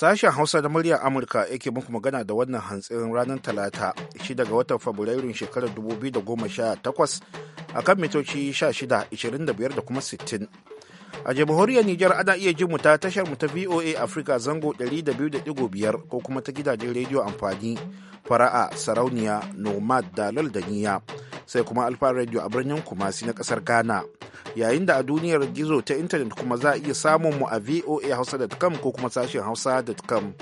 Sashen Hausa da muryar Amurka yake muku magana da wannan hantsin ranar Talata, shi daga watan Fabrairun shekarar 2018 a kan mitoci 16, 25 da kuma 60. a jamhuriyar Nijar ana iya jin mu ta tashar mu ta VOA Africa zango 200.5 ko kuma ta gidajen rediyo amfani fara'a sarauniya nomad dalal da niya sai kuma alfa radio a birnin kumasi na kasar ghana yayin da a duniyar gizo ta intanet kuma za a iya samun mu a voa hausa.com ko kuma sashen hausa.com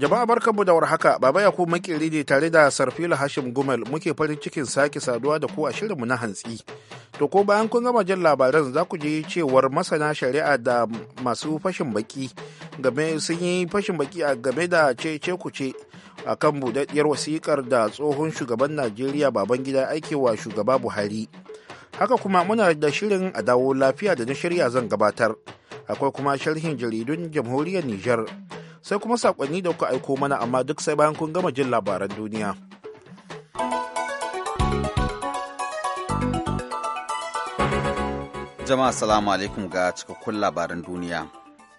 Jama'a barkanmu da haka Baba Yakubu makeri ne tare da Sarfila Hashim Gumal muke farin cikin sake saduwa da ku a shirinmu na hantsi. To ko bayan kun gama jin labaran za ku ji cewar masana shari'a da masu fashin baki game sun yi fashin baki a game da ce ku ce a kan budaddiyar wasikar da tsohon shugaban Najeriya baban Babangida aikewa shugaba Buhari. Haka kuma muna da shirin a dawo lafiya da na shirya zan gabatar. Akwai kuma sharhin jaridun jamhuriyar Nijar. sai kuma sakonni da kuka aiko mana amma duk sai bayan kun gama jin labaran duniya. Jama'a salamu alaikum ga cikakkun labaran duniya.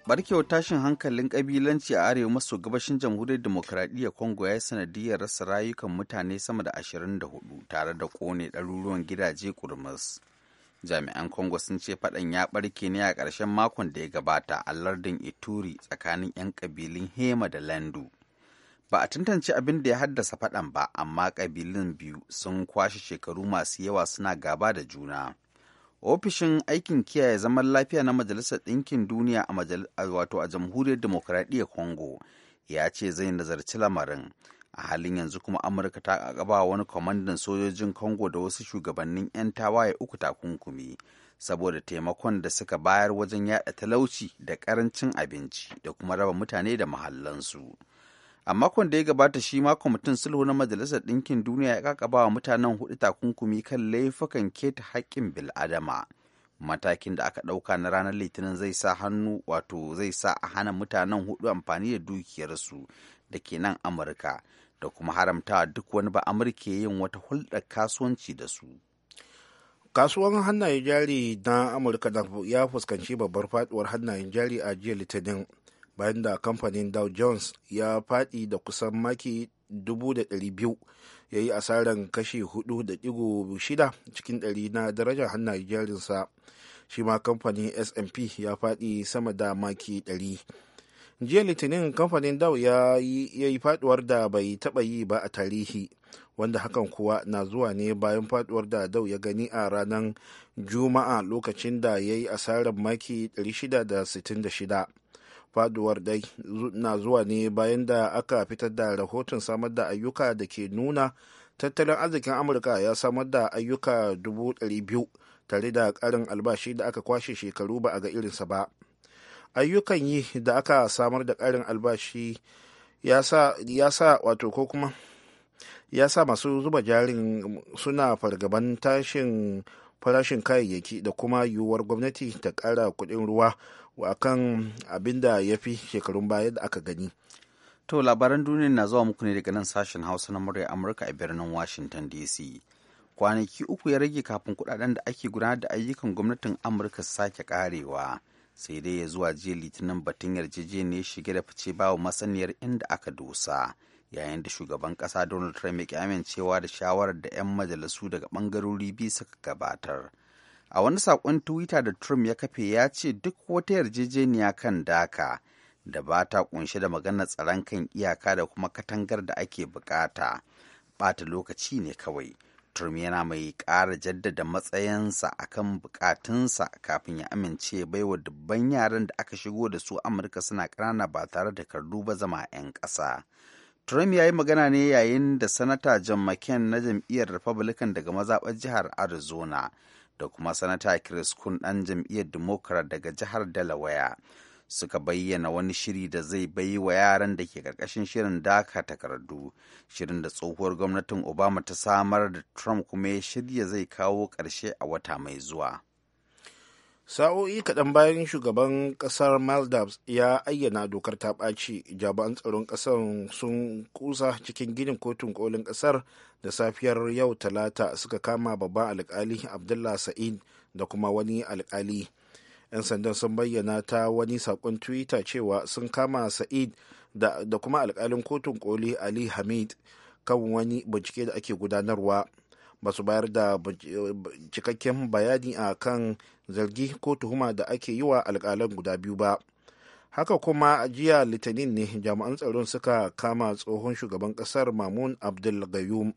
Barkewar tashin hankalin kabilanci a arewa maso gabashin jamhuriyar demokuraɗiyyar Kongo ya yi sanadiyar rasa rayukan mutane sama da 24 tare da kone ɗaruruwan gidaje kurmus. jami'an congo sun ce faɗan ya ɓarke ne a ƙarshen makon da ya gabata a lardin ituri tsakanin 'yan ƙabilun hema da landu ba a tantance abin da ya haddasa faɗan ba amma ƙabilun biyu sun kwashe shekaru masu yawa suna gaba da juna ofishin aikin kiyaye zaman lafiya na majalisar ɗinkin duniya a wato a jamhuriyar demokuraɗiyyar congo ya ce zai nazarci lamarin a halin yanzu kuma amurka ta gaba wani kwamandan sojojin congo da wasu shugabannin 'yan tawaye uku takunkumi saboda taimakon da suka bayar wajen yada talauci da karancin abinci da kuma raba mutane da mahallansu a makon da ya gabata shi ma kwamitin sulhu na majalisar ɗinkin duniya ya kakaba wa mutanen hudu takunkumi kan laifukan keta haƙƙin bil'adama matakin da aka ɗauka na ranar litinin zai sa hannu wato zai sa a hana mutanen hudu amfani da dukiyarsu da ke nan amurka da kuma haramta duk wani ba amurke yin wata hulɗar kasuwanci da su kasuwan hannayen jari na amurka ya fuskanci babbar faduwar hannayen jari a jiya litinin bayan da kamfanin dow jones ya fadi da kusan maki 200,000 ya yi asarar kashi 4.6 cikin 100 na darajar hannayen jarinsa shi ma kamfanin S&P ya fadi sama da maki 100 jiya litinin kamfanin dau ya yi faduwar da bai taba yi ba a tarihi wanda hakan kuwa na zuwa ne bayan faduwar da dau ya gani a ranar juma'a lokacin da ya yi asarar maki 666 faduwar dai na zuwa ne bayan da aka fitar da rahoton samar da ayyuka da ke nuna tattalin arzikin amurka ya samar da ayyuka 200,000 tare da karin albashi da aka kwashe shekaru ba a ga irinsa ba ayyukan yi da aka samar da karin albashi ya sa wato ko kuma ya sa masu zuba jarin suna fargaban tashin farashin kayayyaki da kuma yiwuwar gwamnati ta kara kuɗin ruwa a kan abin da ya fi shekarun baya da aka gani to labaran duniya na zuwa muku ne daga nan sashen hausa na murya amurka a birnin washington dc kwanaki uku ya rage kafin kudaden da ake gudanar da ayyukan gwamnatin amurka sake karewa sai dai ya zuwa jiya litinin batun ya shige da fice bawa masaniyar inda aka dosa yayin da shugaban kasa donald trump ya amincewa da shawarar da 'yan majalisu daga bangarori biyu suka gabatar a wani saƙon twitter da trump ya kafe ya ce duk wata yarjejeniya kan daka da ba ta kunshe da maganar tsaron kan iyaka da kuma katangar da ake bukata bata lokaci ne kawai Trump yana mai ƙara jaddada matsayinsa a kan bukatunsa kafin ya amince baiwa dubban yaran da aka shigo da su Amurka suna ƙanana ba tare da kardu ba zama 'yan ƙasa. Trump ya yi magana ne yayin da Sanata John McCain na jam'iyyar Republican daga mazaɓar jihar Arizona da kuma Sanata Chris Kun ɗan jam'iyyar Democrat daga jihar Delaware suka bayyana wani shiri da zai bai wa yaran da ke karkashin shirin daka takardu shirin da tsohuwar gwamnatin obama ta samar da trump kuma ya shirya zai kawo ƙarshe a wata mai zuwa sa'o'i kaɗan bayan shugaban ƙasar maldives ya ayyana dokar ta ɓaci jami'an tsaron ƙasar sun kusa cikin ginin kotun kolin ƙasar da safiyar yau talata suka kama babban alƙali abdullah sa'id da kuma wani alƙali. 'yan sandan sun bayyana ta wani saƙon twitter cewa sun kama sa'id da, da kuma alkalin kotun koli ali hamid kan wani bincike da ake gudanarwa ba su bayar da cikakken bayani a kan zargi ko tuhuma da ake yi wa alkalan guda biyu ba haka kuma a jiya litinin ne jami'an tsaron suka kama tsohon shugaban kasar mamun abdul gayyum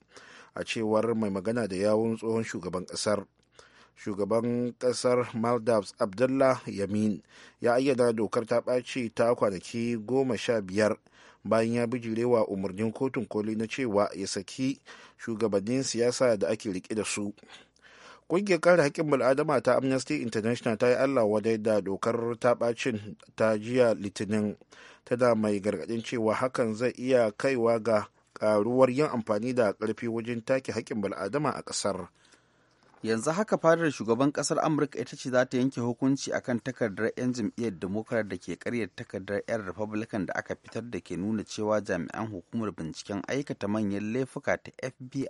a cewar mai magana da yawun tsohon shugaban kasar shugaban kasar maldives abdullah yamin ya ayyana dokar ta ɓaci ta kwanaki goma sha biyar bayan ya bijirewa umarnin kotun koli na cewa ya saki shugabannin siyasa da ake rike da su ƙungiyar kare haƙƙin bil'adama ta amnesty international ta yi allah wadai da dokar ta ɓacin ta jiya litinin tana mai gargaɗin cewa hakan zai iya kaiwa ga ƙaruwar yin amfani da ƙarfi wajen take haƙƙin bil'adama a ƙasar. yanzu haka fadar shugaban kasar amurka ita ce za ta yanke hukunci akan takardar 'yan jam'iyyar democrat da ke karyar takardar 'yan republican da aka fitar da ke nuna cewa jami'an hukumar binciken aikata manyan laifuka ta fbi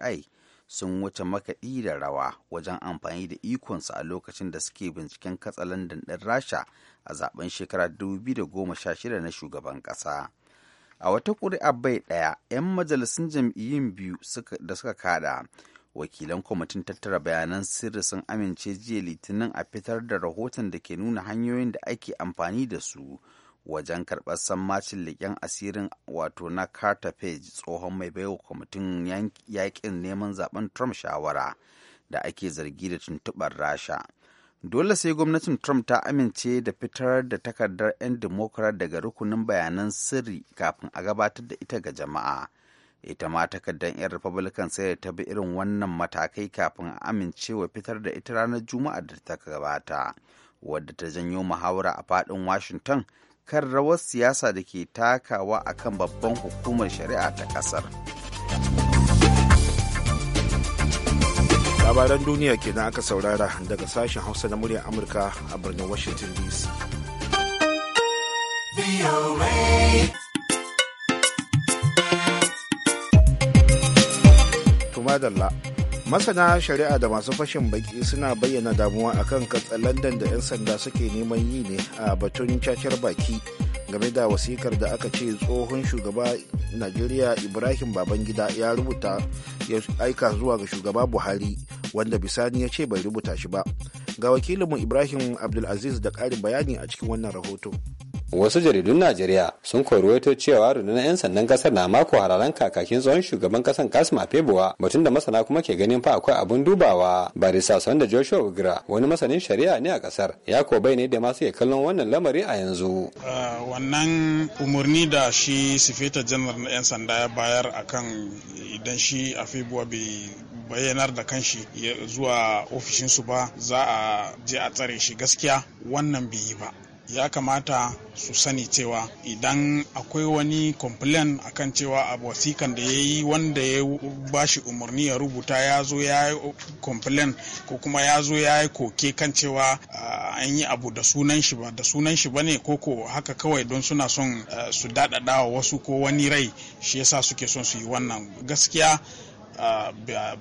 sun wuce makaɗi da rawa wajen amfani da ikonsu a lokacin da suke binciken katsalandan ɗin rasha a zaben shekara 2016 na shugaban ƙasa a wata ƙuri'a bai ɗaya 'yan majalisun jam'iyyun biyu da suka kada wakilan kwamitin tattara bayanan sirri sun amince jiya litinin a fitar da rahoton da ke nuna hanyoyin da ake amfani da su wajen karɓar sammacin leƙen asirin wato na carter page tsohon mai baiwa kwamitin yaƙin neman zaben trump shawara da ake zargi da tuntuɓar rasha dole sai gwamnatin trump ta amince da fitar da takardar 'yan democrat daga rukunin bayanan sirri kafin a gabatar da ita ga jama'a ita ma takardar 'yan republican sai ta bi irin wannan matakai kafin a amincewa fitar da ita ranar juma'a da ta gabata wadda ta janyo muhawara a fadin washington kan rawar siyasa da ke takawa a kan babban hukumar shari'a ta kasar. labaran duniya kenan aka saurara daga sashen hausa na muryar amurka a birnin washington dc madalla masana shari'a da masu fashin baki suna bayyana damuwa akan katsalandan da 'yan sanda suke neman yi ne a batun cacar baki game da wasikar da aka ce tsohon shugaba najeriya ibrahim babangida ya rubuta ya aika zuwa ga shugaba buhari wanda bisani ya ce bai rubuta shi ba ga wakilinmu ibrahim abdulaziz da ƙarin bayani a cikin wannan rahoto. wasu jaridun najeriya sun koruwaito cewa rundunar 'yan sandan kasar na mako hararan kakakin tsohon shugaban kasan kasim afebuwa batun da masana kuma ke ganin fa akwai abun dubawa barisa da joshua ugra wani masanin shari'a ne a kasar ya ko bai ne da masu ke kallon wannan lamari a yanzu ah, wannan umarni da shi sifeta janar na 'yan sanda ya bayar a kan idan shi afebuwa bai bayyanar da kanshi zuwa ofishinsu ba za a je a tsare shi gaskiya wannan bai yi ba ya kamata su sani cewa idan akwai wani complain akan cewa a wasikan da ya yi wanda ya ba shi umarni ya rubuta ya zo ya yi complain ko kuma ya zo ya yi koke kan cewa an yi abu da sunan shi ba da sunan shi ba ne ko ko haka kawai don suna son su daɗaɗa wasu ko wani rai shi yasa suke son su yi wannan gaskiya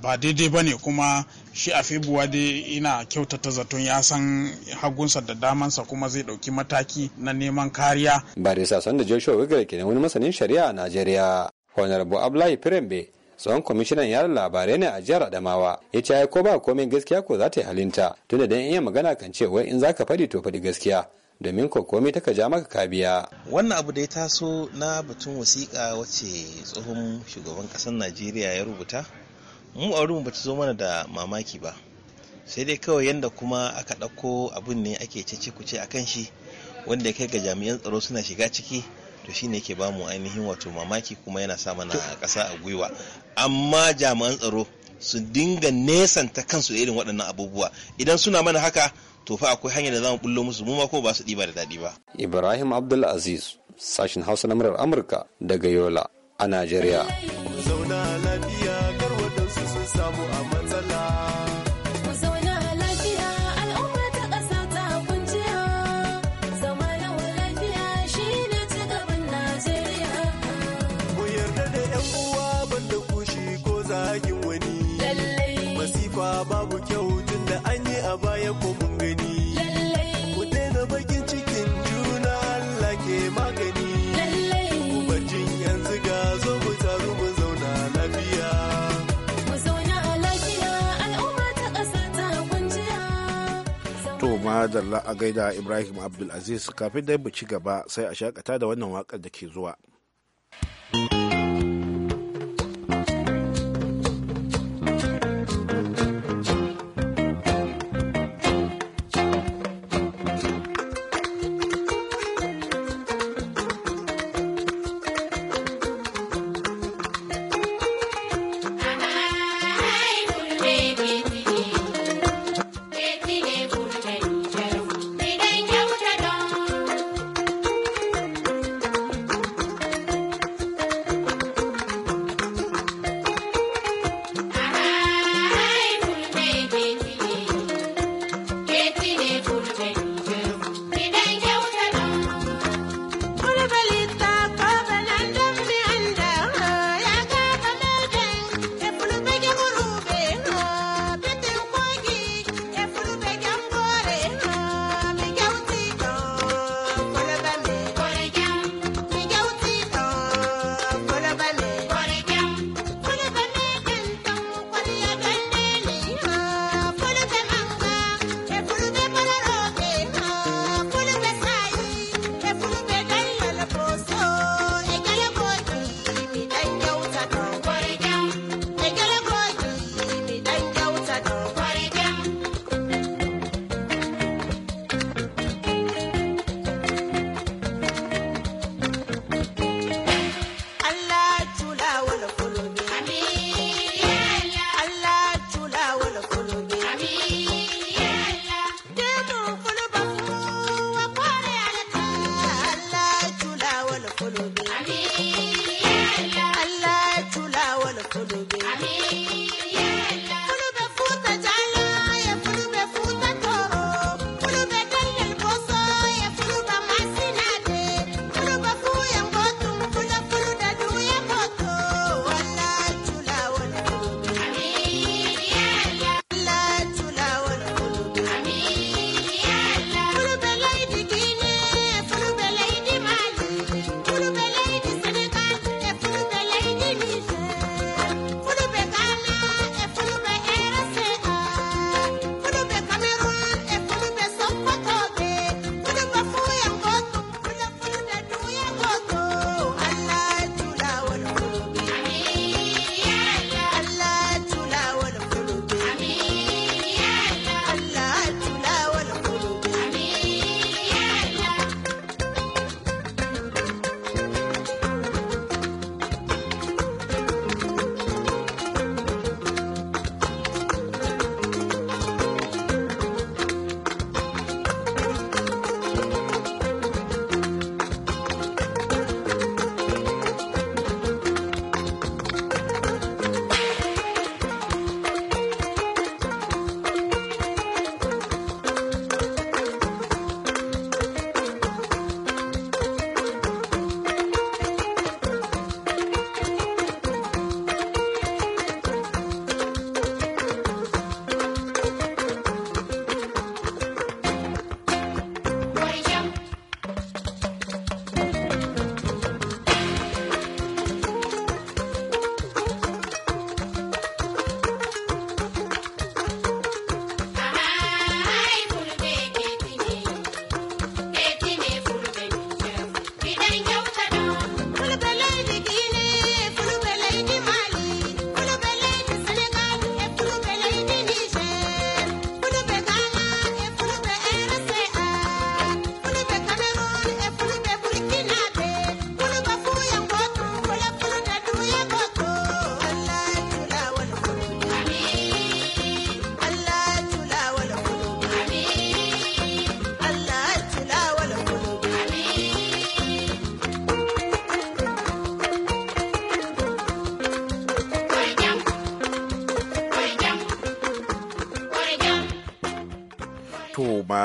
ba daidai ba ne kuma shi a febuwa dai ina kyautata zaton ya san hagunsa da damansa kuma zai ɗauki mataki na neman kariya. ba da sasan da joshua wigar ke wani masanin shari'a a najeriya honorable abdullahi firembe tsohon kwamishinan yada labarai ne a jihar adamawa ya ce ko ba komai gaskiya ko za ta yi halinta tunda dan iya magana kan ce wai in zaka faɗi to faɗi gaskiya domin kokomi ta ka ja maka kabiya. Wannan abu da ya taso na batun wasiƙa wacce tsohon shugaban ƙasar Najeriya ya rubuta, mu a ba bata zo mana da mamaki ba. Sai dai kawai yadda kuma aka ɗauko abun ne ake cece kuce a kan shi wanda ya kai ga jami'an tsaro suna shiga ciki to shine yake bamu ainihin wato mamaki kuma yana sa mana ƙasa a gwiwa. Amma jami'an tsaro su dinga nesanta kansu irin waɗannan abubuwa idan suna mana haka to fa akwai hanyar da za mu bullo musu mu ma ko ba su ɗiba da daɗi ba. Ibrahim Abdul Aziz sashin Hausa na murar Amurka daga Yola a Najeriya. To madalla a gaida Ibrahim Abdulaziz kafin dai mu ci gaba sai a shakata da wannan wakar da ke zuwa.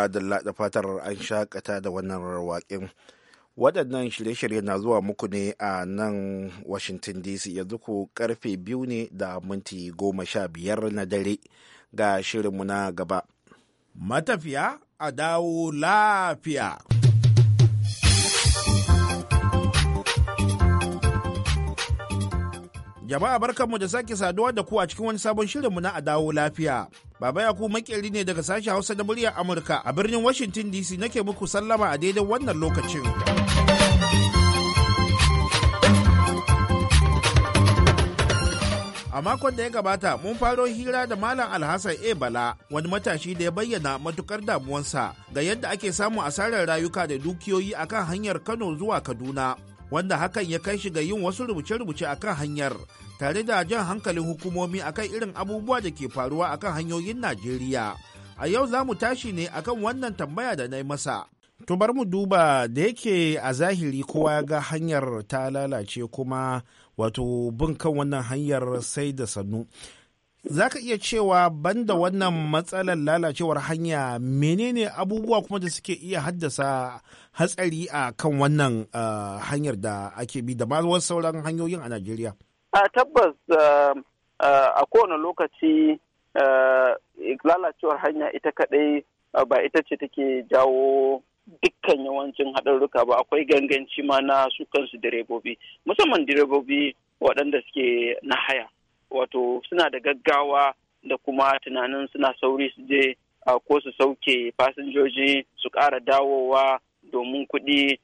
madalla da fatar an shakata da wannan waƙin waɗannan shirye-shirye na zuwa muku ne a nan washington dc yanzu ku karfe biyu ne da minti goma sha biyar na dare ga shirinmu na gaba matafiya a dawo lafiya Jama'a barkanmu da sake saduwa da ku a cikin wani sabon shirinmu na a dawo Lafiya. Baba ku makeri ne daga sashen Hausa da muryar Amurka a birnin Washington DC nake muku sallama a daidai wannan lokacin. a makon da ya gabata mun faro hira da malam alhassan a bala wani matashi da ya bayyana matukar damuwansa ga yadda ake samun asarar rayuka da dukiyoyi akan hanyar kano zuwa kaduna wanda hakan ya kai shi ga yin wasu rubuce-rubuce a kan hanyar tare da jan hankalin hukumomi a kan irin abubuwa da ke faruwa a kan hanyoyin Najeriya. A yau za mu tashi ne a kan wannan tambaya da na yi masa. To bar mu duba da yake a zahiri kowa ya ga hanyar ta lalace kuma wato bin kan wannan hanyar sai da sannu. za ka iya cewa banda wannan matsalar lalacewar hanya menene abubuwa kuma da suke iya haddasa hatsari a kan wannan eh, hanyar da ake bi da ma wasu sauran hanyoyin a najeriya a tabbas eh, eh, a kowane lokaci lalacewar hanya ita kadai ba ita ce take jawo dukkan yawancin haɗarruka ba akwai ganganci ma na su kansu direbobi musamman direbobi waɗanda suke na haya wato suna da gaggawa da kuma tunanin suna sauri su je ko su sauke fasinjoji su ƙara dawowa domin kuɗi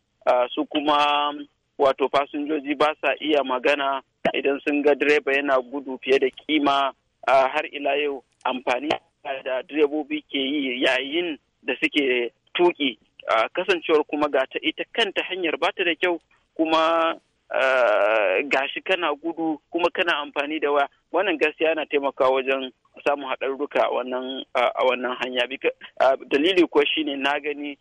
su kuma wato fasinjoji ba sa iya magana idan sun ga direba yana gudu fiye da kima har ila yau amfani da direbobi ke yi yayin da suke tuki kasancewar kuma ga ta ita kanta hanyar ba ta da kyau kuma Eh, gashi kana gudu kuma kana amfani da waya wannan gaskiya yana taimakawa wajen samun haɗarruka a wannan hanya dalili kuwa shine na gani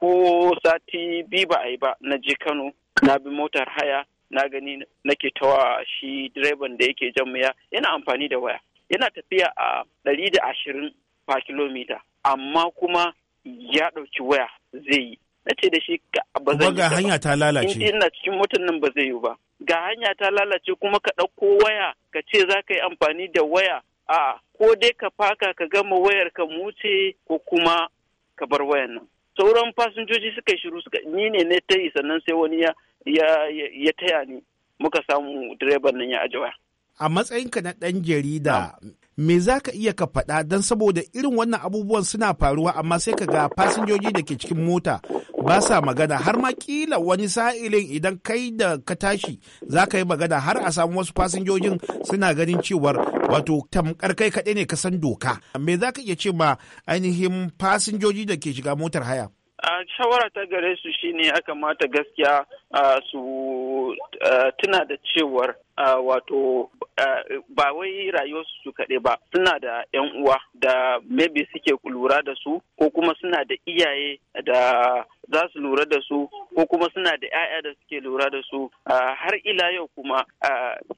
ko sati biyu ba a yi ba na je kano na bi motar haya na gani nake tawa shi direban da yake jan ya yana amfani da waya yana tafiya a ɗari da ashirin fa kilomita amma kuma ya ɗauki waya zai yi na ce da shi ba zai ga hanya ta lalace in ina cikin motar nan ba zai yi ba ga hanya ta lalace kuma ka ɗauko waya ka ce za ka yi amfani da waya a ko dai ka faka ka gama wayar ka muce ko kuma ka bar wayan nan sauran fasinjoji suka yi shiru suka ni ne ne ta yi sannan sai wani ya ya taya ni muka samu direban nan ya aje waya a matsayinka na ɗan jarida me za ka iya ka faɗa don saboda irin wannan abubuwan suna faruwa amma sai ka ga fasinjoji da ke cikin mota ba sa magana har ma kila wani sa'ilin idan kai da ka tashi za ka yi magana har a samu wasu fasinjojin suna ganin cewar wato tamkar kai kaɗai ne ka san doka me za ka iya ce ma ainihin fasinjoji da ke shiga motar haya a shawara ta gare su shine ya kamata gaskiya su tuna da cewar wato ba wai rayuwarsu su kaɗe ba suna da 'yan uwa da maybe suke lura da su ko kuma suna da iyaye da za su lura da su ko kuma suna da 'ya'ya da suke lura da su har ila yau kuma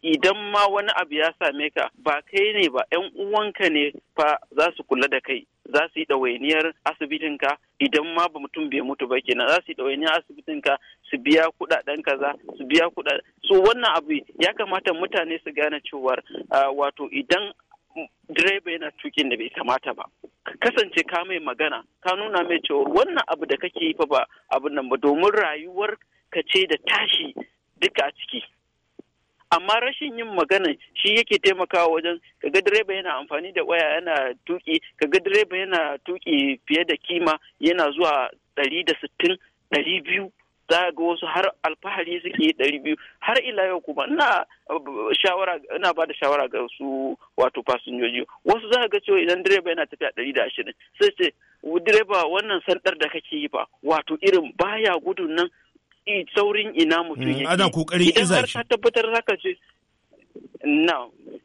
idan ma wani abu ya same ka ba kai ne ba 'yan uwanka ne fa za su kula da kai za su yi ɗawainiyar asibitinka idan ma ba mutum bai mutu ba kenan za su yi ɗawainiyar asibitinka su biya kudaden kaza su biya kudaden so wannan abu ya kamata mutane su gane cewar wato idan direba yana tukin da bai kamata ba kasance ka mai magana ka nuna mai cewa wannan abu da kake yi fa ba abin nan ba domin rayuwar ka ce da tashi duka a ciki amma rashin yin magana shi yake taimakawa wajen kaga direba yana amfani da waya yana tuki kaga direba yana tuki fiye da kima yana zuwa ɗari da sittin ɗari biyu za ga wasu har alfahari suke yi ɗari biyu har ila yau kuma ina uh, shawara ina ba da shawara ga su wato fasinjoji wasu za ga cewa idan direba yana tafiya ɗari da ashirin sai ce direba wannan sandar da kake yi ba wato irin baya gudun nan saurin ina mutum mm, yake ana idan ka tabbatar zaka ce na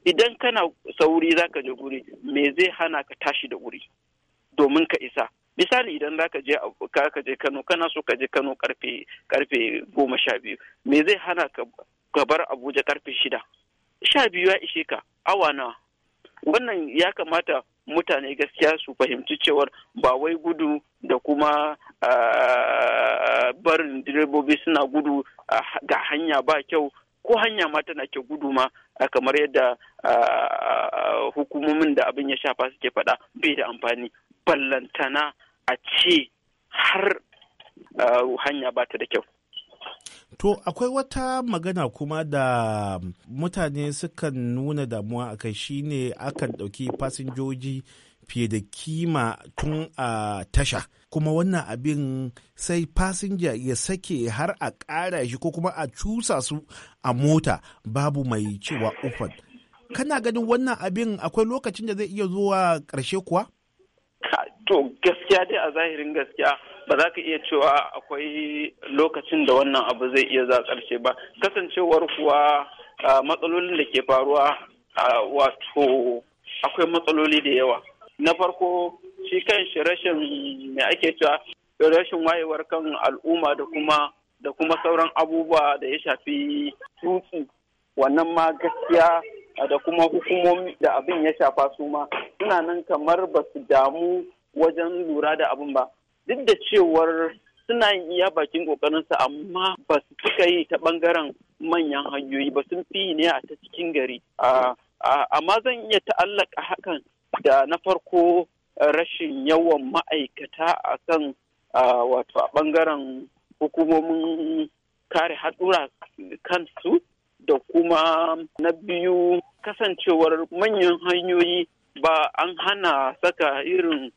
idan kana sauri zaka je guri me zai hana ka tashi da wuri domin ka isa misali idan za ka je ka je kano kana so ka je kano karfe karfe goma sha biyu me zai hana ka bar abuja karfe shida sha biyu ya ishe ka awa nawa wannan ya kamata mutane gaskiya su fahimci cewar ba wai gudu da kuma barin direbobi suna gudu ga hanya ba kyau ko hanya ma tana ke gudu ma kamar yadda hukumomin da abin ya shafa suke faɗa bai da amfani ballantana a ce har uh, hanya ba ta da kyau. To akwai wata magana kuma da mutane sukan nuna damuwa a kai ne akan ɗauki fasinjoji fiye da kima tun a tasha kuma wannan abin sai fasinja ya sake har a ƙara shi ko kuma a cusa su a mota babu mai cewa ufan kana ganin wannan abin akwai lokacin da zai iya zuwa ƙarshe kuwa? To gaskiya dai a zahirin gaskiya ba za ka iya cewa akwai lokacin da wannan abu zai iya za ƙarshe ba kasancewar kuwa matsalolin da ke faruwa wato akwai matsaloli da yawa na farko shi kan shi rashin mai ake cewa rashin wayewar kan al'umma da kuma da kuma sauran abubuwa da ya shafi tuki wannan ma gaskiya da kuma hukumomi da abin ya shafa su ma suna nan kamar ba su damu wajen lura da abin ba duk da cewar suna yin iya bakin kokarinsa amma ba su suka yi ta bangaren manyan hanyoyi ba sun fi ne a ta cikin gari amma zan iya ta'allaka hakan da na farko rashin yawan ma'aikata a kan wato a bangaren hukumomin kare haɗura kansu da kuma na biyu kasancewar manyan hanyoyi ba an hana saka irin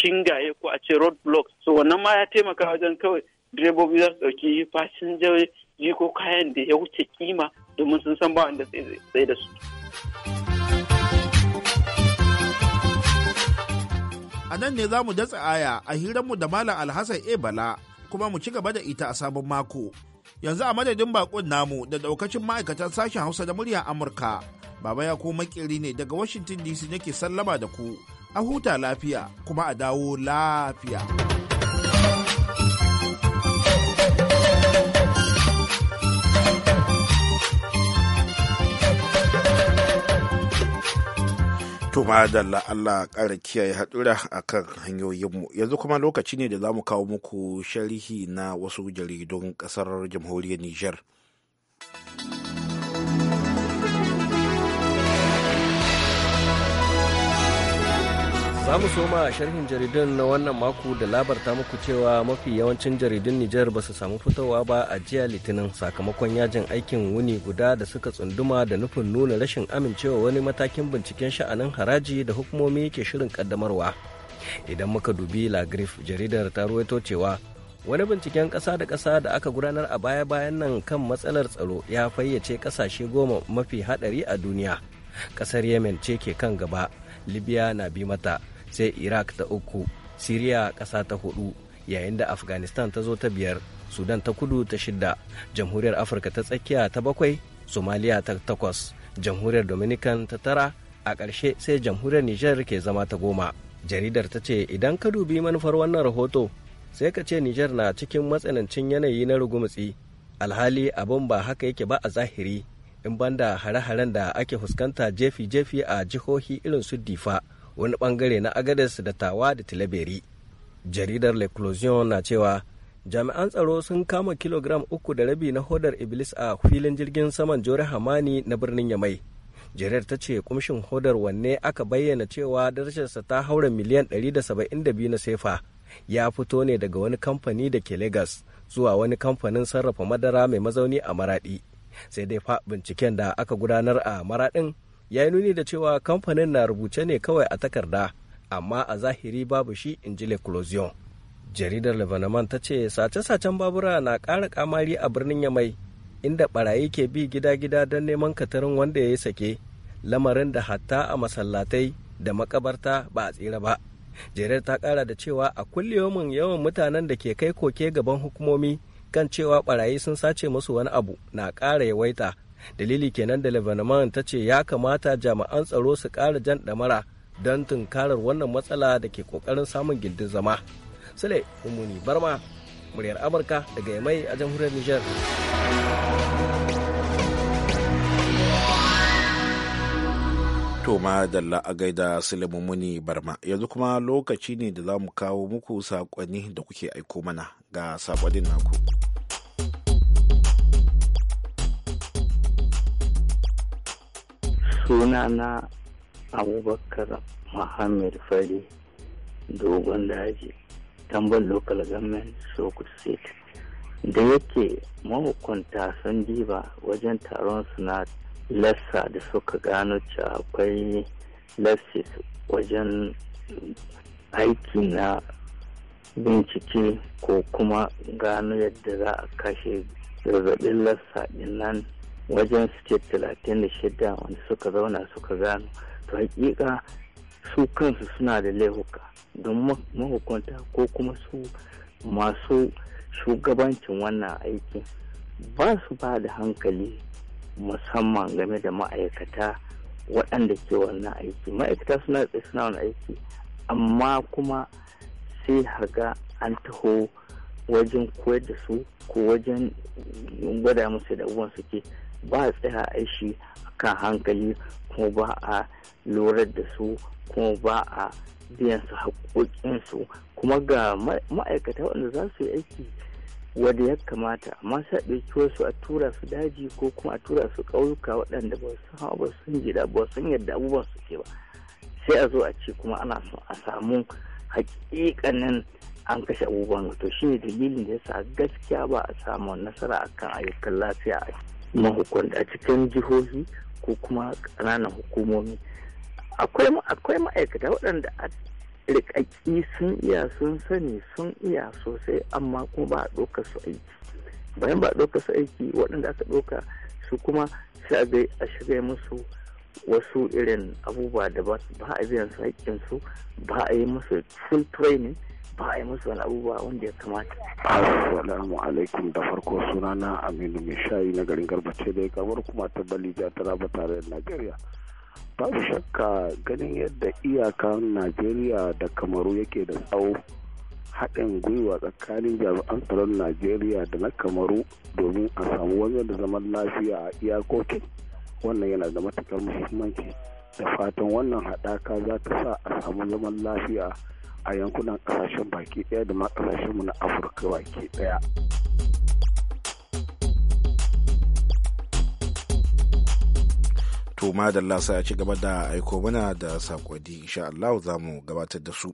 shingaye ko a ce road blocks so wannan ma ya taimaka wajen kawai direbobi za su ɗauki fasinjoji ko kayan da ya wuce kima domin sun san ba wanda sai da su. A nan ne za mu datsa aya a hiranmu da Malam Alhassan E. Bala kuma mu ci gaba da ita a sabon mako. yanzu a madadin bakon namu da daukacin ma'aikatan sashen hausa da murya amurka baba ya kuma makeri ne daga washington dc nake sallama da ku a huta lafiya kuma a dawo lafiya. To madalla Allah ƙara kiyaye haɗura a kan hanyoyinmu. Yanzu kuma lokaci ne da za mu kawo muku sharhi na wasu jaridun ƙasar jamhuriyar Nijar. Za mu soma sharhin jaridun na wannan mako da labarta muku cewa mafi yawancin jaridun Nijar ba su samu fitowa ba a jiya litinin sakamakon yajin aikin wuni guda da suka tsunduma da nufin nuna rashin amincewa wani matakin binciken sha'anin haraji da hukumomi ke shirin kaddamarwa. Idan muka dubi Lagrif jaridar ta ruwaito cewa wani binciken ƙasa da ƙasa da aka gudanar a baya-bayan nan kan matsalar tsaro ya fayyace ƙasashe goma mafi haɗari a duniya. Ƙasar Yemen ce ke kan gaba, Libya na bi mata, sai iraq ta uku siriya kasa ta hudu yayin da afghanistan ta zo ta biyar sudan ta kudu ta shida jamhuriyar afirka ta tsakiya ta bakwai somaliya ta takwas jamhuriyar dominican ta tara a ƙarshe sai jamhuriyar niger ke zama ta goma jaridar ta ce idan ka dubi manufar wannan rahoto sai ka ce niger na cikin matsanancin yanayi na rugumtsi alhali abin ba haka yake ba a zahiri in banda hare-haren da ake fuskanta jefi-jefi a jihohi irin su difa wani bangare na agadas da tawa da tilaberi jaridar l'eclosion na cewa jami'an tsaro sun kama kilogram uku da rabi na hodar iblis a filin jirgin saman jori hamani na birnin yamai jaridar ta ce kumshin hodar wanne aka bayyana cewa darajarsa ta haura miliyan 172 na sefa ya fito ne daga wani kamfani da ke Legas zuwa wani kamfanin sarrafa madara mai mazauni a Maradi. Sai dai fa binciken da aka gudanar a Maradin ya yi nuni da cewa kamfanin na rubuce ne kawai a takarda amma a zahiri babu shi in ji leclosion jaridar Lebanon ta ce sace-sacen babura na ƙara kamari a birnin yamai inda barayi ke bi gida-gida don neman katarin wanda ya yi sake lamarin da hatta a masallatai da makabarta ba a tsira ba Jaridar ta kara da cewa a kulliyomin yawan mutanen da ke kai koke gaban hukumomi kan cewa barayi sun sace musu wani abu na ƙara yawaita dalili kenan da lebanon ta ce ya kamata jami'an tsaro su ƙara jan ɗamara don tunkarar wannan matsala da ke kokarin samun gindin zama sule umuni barma muryar amurka daga yamai a jamhuriyar niger To madalla a gaida Sulemumuni Barma, yanzu kuma lokaci ne da za mu kawo muku saƙonni da kuke aiko mana ga saƙonin naku. suna na abubakar muhammad fari dogon daji tambar local government sokoto state da yake mahukunta sun diba wajen taron suna lassa da suka gano cewa akwai lassis wajen aiki na bincike ko kuma gano yadda za a kashe zazzabin lassa nan wajen state talatin da shida wanda suka zauna suka gano to hakika su kansu suna da laifuka don mahukunta ko kuma su masu shugabancin wannan aiki ba su ba da hankali musamman game da ma'aikata waɗanda ke wannan aiki ma'aikata suna suna wani aiki amma kuma sai harga an taho wajen koyar da su ko wajen gwada musu da uwan suke ba a tsaya a shi kan hankali kuma ba a lura da su kuma ba a biyan su haƙoƙinsu kuma ga ma'aikata wanda za su yi aiki wadda ya kamata amma sa ɗauki wasu a tura su daji ko kuma a tura su ƙauyuka waɗanda ba su hawa ba sun jida ba sun yadda abubuwan su ke ba sai a zo a ce kuma ana son a samu hakikanin an kashe abubuwan to shine dalilin da yasa gaskiya ba a samu nasara akan ayyukan lafiya a mahukunta a cikin jihohi ko kuma ƙananan hukumomi akwai ma'aikata waɗanda a rikaki sun iya sun sani sun iya sosai amma kuma ba a ɗauka su aiki bayan ba a ɗauka su aiki waɗanda aka ɗauka su kuma sai a shiga musu wasu irin abubuwa da ba a biyan su haƙƙinsu ba a yi musu full training ba a yi musu wani abubuwa wanda ya kamata. Assalamu alaikum da farko suna sunana Aminu shayi na garin Garbace da ya kamar kuma ta Balija ta raba tare da Najeriya. Babu shakka ganin yadda iyakan Najeriya da Kamaru yake da tsawo haɗin gwiwa tsakanin jami'an tsaron Najeriya da na Kamaru domin a samu wani da zaman lafiya a iyakokin wannan yana da matukar muhimmanci da fatan wannan haɗaka za ta sa a samu zaman lafiya a yankunan kasashen baki daya da ma mu na afirka baki daya to madalla sai a ci gaba da aiko mana da sakwadi insha Allah za mu gabatar da su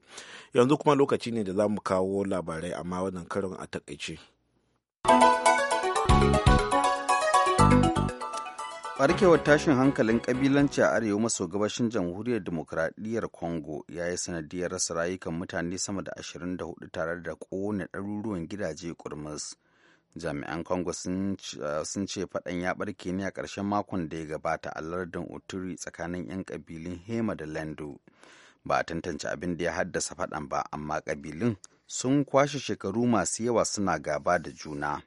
yanzu kuma lokaci ne da za mu kawo labarai amma wannan karin a takaice. barkewar tashin hankalin kabilanci a arewa maso gabashin jamhuriyar demokuraɗiyyar congo ya yi sanadiyar rasa rayukan mutane sama da 24 tare da kone ɗaruruwan gidaje kurmus jami'an congo sun ce faɗan ya ɓarke ne a ƙarshen makon da ya gabata a lardin uturi tsakanin 'yan kabilun hema da lando ba a tantance abin da ya haddasa faɗan ba amma ƙabilun sun kwashe shekaru masu yawa suna gaba da juna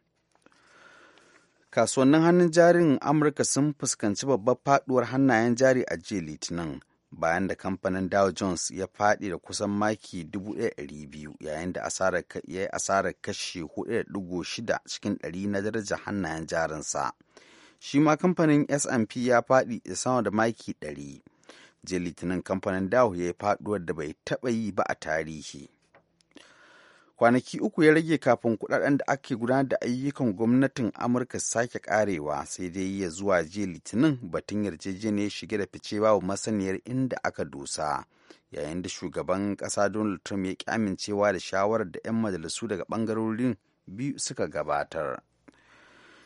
kasuwannin hannun jarin amurka sun fuskanci babbar faduwar hannayen jari a jiya litinin bayan da kamfanin dow jones ya fadi da kusan maki 1,200 yayin da ya yi asarar kashe 4.6 cikin 100 na darajar hannayen jarinsa shi ma kamfanin S&P ya fadi da sama da maki 100 jiya litinin kamfanin dow ya yi faduwar da bai taɓa yi ba a tarihi kwanaki uku ya rage kafin kudaden da ake gudanar da ayyukan gwamnatin amurka sake karewa sai dai ya zuwa jiya litinin batun yarjejeniyar shige da fice babu masaniyar inda aka dosa yayin da shugaban kasa donald trump ya ki amincewa da shawarar da 'yan majalisu daga bangarorin biyu suka gabatar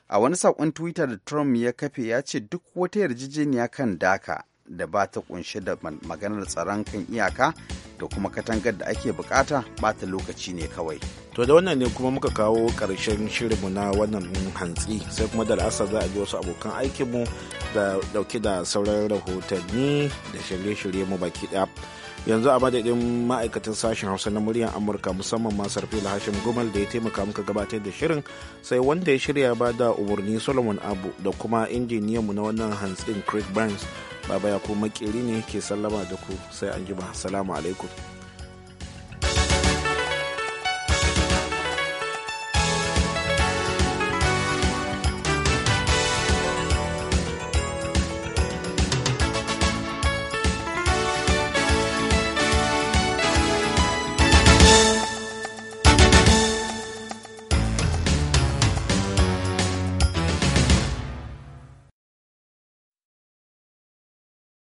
a wani saƙon twitter da trump ya kafe ya ce duk wata yarjejeniya kan daka da ba ta kunshi da maganar tsaron kan iyaka da kuma katangar da ake bukata bata lokaci ne kawai. To da wannan ne kuma muka kawo karshen shirinmu na wannan hantsi sai kuma da la'asar za a ji wasu abokan aikinmu da dauke da sauran rahotanni da shirye-shirye mu baki ɗaya. yanzu a madadin ma'aikatan sashen hausa na muryar amurka musamman masar fila hashim gomal da ya taimaka muka gabatar da shirin sai wanda ya shirya ba da umarni solomon abu da kuma injiniyanmu na wannan hantsin craig burns baba ya maƙeri makiri ne ke sallama da ku sai an jima salamu alaikum